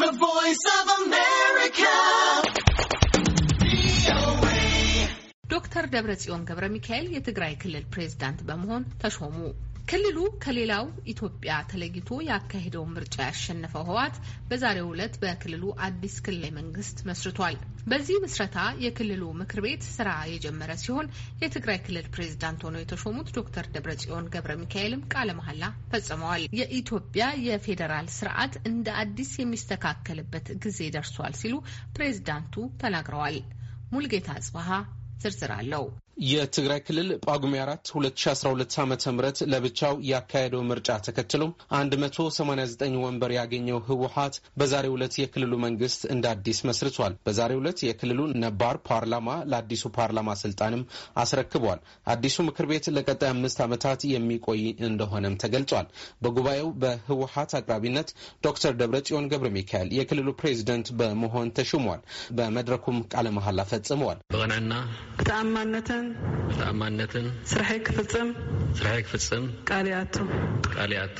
The Voice of America. ዶክተር ደብረ ጽዮን ገብረ ሚካኤል የትግራይ ክልል ፕሬዝዳንት በመሆን ተሾሙ። ክልሉ ከሌላው ኢትዮጵያ ተለይቶ ያካሄደውን ምርጫ ያሸነፈው ህወሓት በዛሬው ዕለት በክልሉ አዲስ ክልላዊ መንግስት መስርቷል። በዚህ ምስረታ የክልሉ ምክር ቤት ስራ የጀመረ ሲሆን የትግራይ ክልል ፕሬዝዳንት ሆነው የተሾሙት ዶክተር ደብረጽዮን ገብረ ሚካኤልም ቃለ መሐላ ፈጽመዋል። የኢትዮጵያ የፌዴራል ስርዓት እንደ አዲስ የሚስተካከልበት ጊዜ ደርሷል ሲሉ ፕሬዝዳንቱ ተናግረዋል። ሙልጌታ ጽበሀ ዝርዝር አለው። የትግራይ ክልል ጳጉሜ አራት 2012 ዓ ም ለብቻው ያካሄደው ምርጫ ተከትሎ 189 ወንበር ያገኘው ህወሀት በዛሬው ዕለት የክልሉ መንግስት እንደ አዲስ መስርቷል። በዛሬው ዕለት የክልሉ ነባር ፓርላማ ለአዲሱ ፓርላማ ስልጣንም አስረክቧል። አዲሱ ምክር ቤት ለቀጣይ አምስት ዓመታት የሚቆይ እንደሆነም ተገልጿል። በጉባኤው በህወሀት አቅራቢነት ዶክተር ደብረጽዮን ገብረ ሚካኤል የክልሉ ፕሬዚደንት በመሆን ተሹሟል። በመድረኩም ቃለ መሐላ ፈጽመዋል። ብቀናና ብተአማነትን ተኣማንነትን ተኣማንነትን ስራሐይ ክፍፅም ስራሐይ ክፍፅም ቃልያቱ ቃልያቱ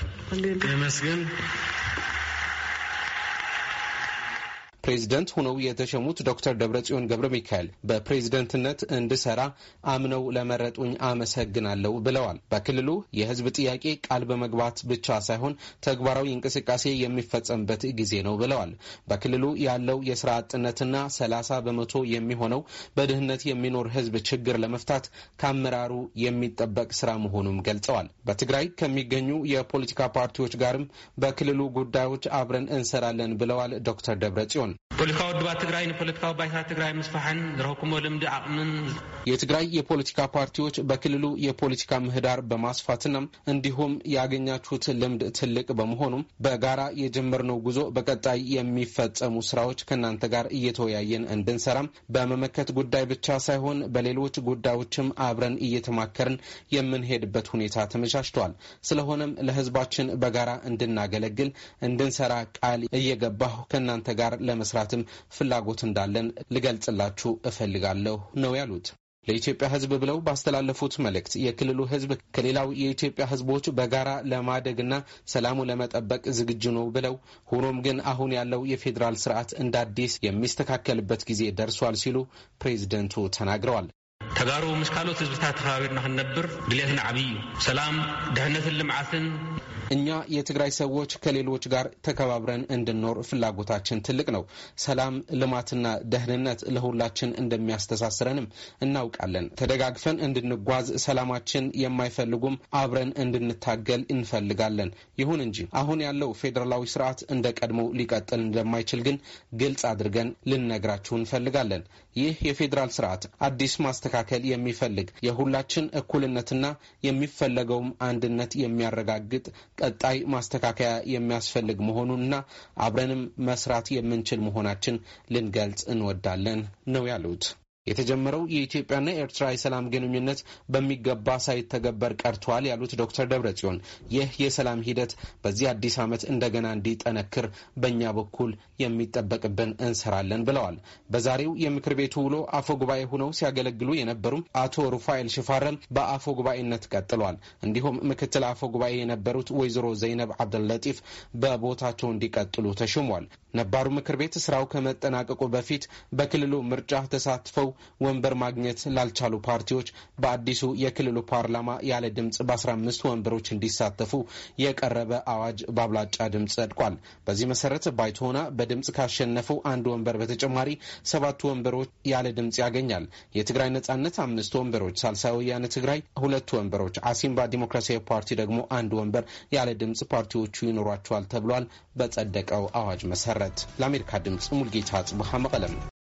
የመስግን ፕሬዚደንት ሆነው የተሸሙት ዶክተር ደብረጽዮን ገብረ ሚካኤል በፕሬዝደንትነት እንድሰራ አምነው ለመረጡኝ አመሰግናለሁ ብለዋል። በክልሉ የህዝብ ጥያቄ ቃል በመግባት ብቻ ሳይሆን ተግባራዊ እንቅስቃሴ የሚፈጸምበት ጊዜ ነው ብለዋል። በክልሉ ያለው የስራ አጥነትና ሰላሳ በመቶ የሚሆነው በድህነት የሚኖር ህዝብ ችግር ለመፍታት ከአመራሩ የሚጠበቅ ስራ መሆኑም ገልጸዋል። በትግራይ ከሚገኙ የፖለቲካ ፓርቲዎች ጋርም በክልሉ ጉዳዮች አብረን እንሰራለን ብለዋል ዶክተር ደብረጽዮን ፖለቲካዊ ድባት ትግራይ ንፖለቲካዊ ባይታ ትግራይ ምስፋሐን ዝረክሞ ልምዲ ዓቕምን የትግራይ የፖለቲካ ፓርቲዎች በክልሉ የፖለቲካ ምህዳር በማስፋትና እንዲሁም ያገኛችሁት ልምድ ትልቅ በመሆኑም በጋራ የጀመርነው ጉዞ በቀጣይ የሚፈጸሙ ስራዎች ከእናንተ ጋር እየተወያየን እንድንሰራም በመመከት ጉዳይ ብቻ ሳይሆን በሌሎች ጉዳዮችም አብረን እየተማከርን የምንሄድበት ሁኔታ ተመቻችቷል። ስለሆነም ለህዝባችን በጋራ እንድናገለግል እንድንሰራ ቃል እየገባሁ ከእናንተ ጋር ለመ ለመስራትም ፍላጎት እንዳለን ልገልጽላችሁ እፈልጋለሁ ነው ያሉት። ለኢትዮጵያ ሕዝብ ብለው ባስተላለፉት መልእክት የክልሉ ሕዝብ ከሌላው የኢትዮጵያ ሕዝቦች በጋራ ለማደግና ሰላሙ ለመጠበቅ ዝግጁ ነው ብለው ሆኖም ግን አሁን ያለው የፌዴራል ስርዓት እንደ አዲስ የሚስተካከልበት ጊዜ ደርሷል ሲሉ ፕሬዚደንቱ ተናግረዋል። ተጋሩ ምስ ካልኦት ህዝብታት ተኸባቢርና ክንነብር ድሌትና ዓብይ እዩ ሰላም ድሕነትን ልምዓትን እኛ የትግራይ ሰዎች ከሌሎች ጋር ተከባብረን እንድንኖር ፍላጎታችን ትልቅ ነው። ሰላም ልማትና ደህንነት ለሁላችን እንደሚያስተሳስረንም እናውቃለን። ተደጋግፈን እንድንጓዝ ሰላማችን የማይፈልጉም አብረን እንድንታገል እንፈልጋለን። ይሁን እንጂ አሁን ያለው ፌዴራላዊ ስርዓት እንደ ቀድሞው ሊቀጥል እንደማይችል ግን ግልጽ አድርገን ልንነግራችሁ እንፈልጋለን። ይህ የፌዴራል ስርዓት አዲስ ማስተካከል መከላከል የሚፈልግ የሁላችን እኩልነትና የሚፈለገውም አንድነት የሚያረጋግጥ ቀጣይ ማስተካከያ የሚያስፈልግ መሆኑንና አብረንም መስራት የምንችል መሆናችን ልንገልጽ እንወዳለን ነው ያሉት። የተጀመረው የኢትዮጵያና ኤርትራ የሰላም ግንኙነት በሚገባ ሳይተገበር ቀርቷል ያሉት ዶክተር ደብረ ጽዮን ይህ የሰላም ሂደት በዚህ አዲስ ዓመት እንደገና እንዲጠነክር በእኛ በኩል የሚጠበቅብን እንሰራለን ብለዋል። በዛሬው የምክር ቤቱ ውሎ አፈ ጉባኤ ሆነው ሲያገለግሉ የነበሩም አቶ ሩፋኤል ሽፋረም በአፈ ጉባኤነት ቀጥሏል። እንዲሁም ምክትል አፈ ጉባኤ የነበሩት ወይዘሮ ዘይነብ አብደልለጢፍ በቦታቸው እንዲቀጥሉ ተሽሟል። ነባሩ ምክር ቤት ስራው ከመጠናቀቁ በፊት በክልሉ ምርጫ ተሳትፈው ወንበር ማግኘት ላልቻሉ ፓርቲዎች በአዲሱ የክልሉ ፓርላማ ያለ ድምፅ በ15 ወንበሮች እንዲሳተፉ የቀረበ አዋጅ በአብላጫ ድምፅ ጸድቋል። በዚህ መሰረት ባይቶና በድምፅ ካሸነፈው አንድ ወንበር በተጨማሪ ሰባት ወንበሮች ያለ ድምፅ ያገኛል። የትግራይ ነጻነት አምስት ወንበሮች፣ ሳልሳይ ወያነ ትግራይ ሁለት ወንበሮች፣ አሲምባ ዲሞክራሲያዊ ፓርቲ ደግሞ አንድ ወንበር ያለ ድምፅ ፓርቲዎቹ ይኖሯቸዋል ተብሏል። በጸደቀው አዋጅ መሰረት ጥረት። ለአሜሪካ ድምፅ ሙልጌታ ጽቡሃ መቀለም